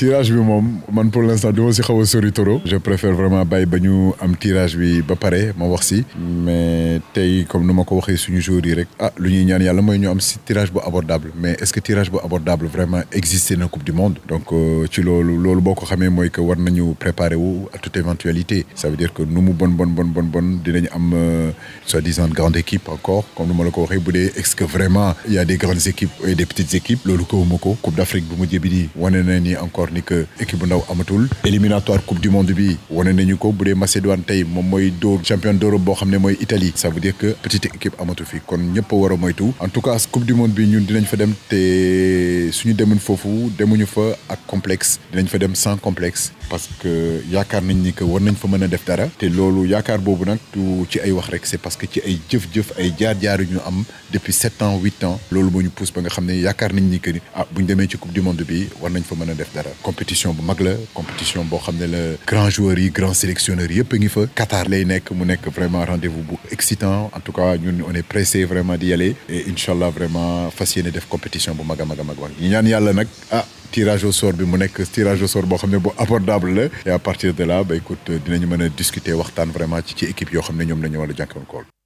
tirage bi moom man pour l'instant du ma si xaw a sori trop. je préfère vraiment bàyyi ba ñu am tirage bi ba pare ma wax mais tey comme nu ma ko waxee suñu jour yi rek ah lu ñu ñaan yàlla mooy ñu am si tirage bu abordable mais est-ce que tirage bu abordable vraiment existé na coupe du monde. donc euh, ci loolu loolu xamee mooy que war nañu préparer wu à toute éventualité. ça veut dire que nu mu bon bon bon bon bon am euh, soi-disant grande équipe encore comme nu ma la ko waxee bu dee est-ce wax ni que équipe bu ndaw amatul éliminatoire coupe du monde bi wane nañu ko bu dee Macédoine tey moom mooy dóor champion d'Europe boo xam ne mooy Italie ça veut dire que petite équipe amatu fi kon ñëpp a war a en tout cas coupe du monde bi ñun dinañ fa dem te te suñu demoon foofu demuñu fa ak complexe dinañ fa dem sans complexe parce que yaakaar nañ ni que war nañ fa mën a def dara te loolu yaakaar boobu nag du ci ay wax rek que ci ay jëf-jëf ay jaar-jaar ñu am depuis sept ans huit ans loolu moo ñu pousse ba nga xam ne yaakaar nañ ni que ni ah bu ñu demee ci coupe du monde bi war nañ fa mën a def dara compétition bu mag la compétition boo xam ne la grand joueurs yi grand sélectionneurs yëpp ngi fa Qatar lay nekk mu nekk vraiment rendez-vous en tout cas ñun on est pressé vraiment d'y aller et incha allah vraiment fas yéene def a mag a ñaan yàlla nag ah tirage au sort bi mu nekk tirage au sort boo xam ne bu abordable la et à partir de là ba écoute dinañu mën a discuter waxtaan vraiment ci ci équipe yoo xam ne ñoom la ñu war a jànkoon kool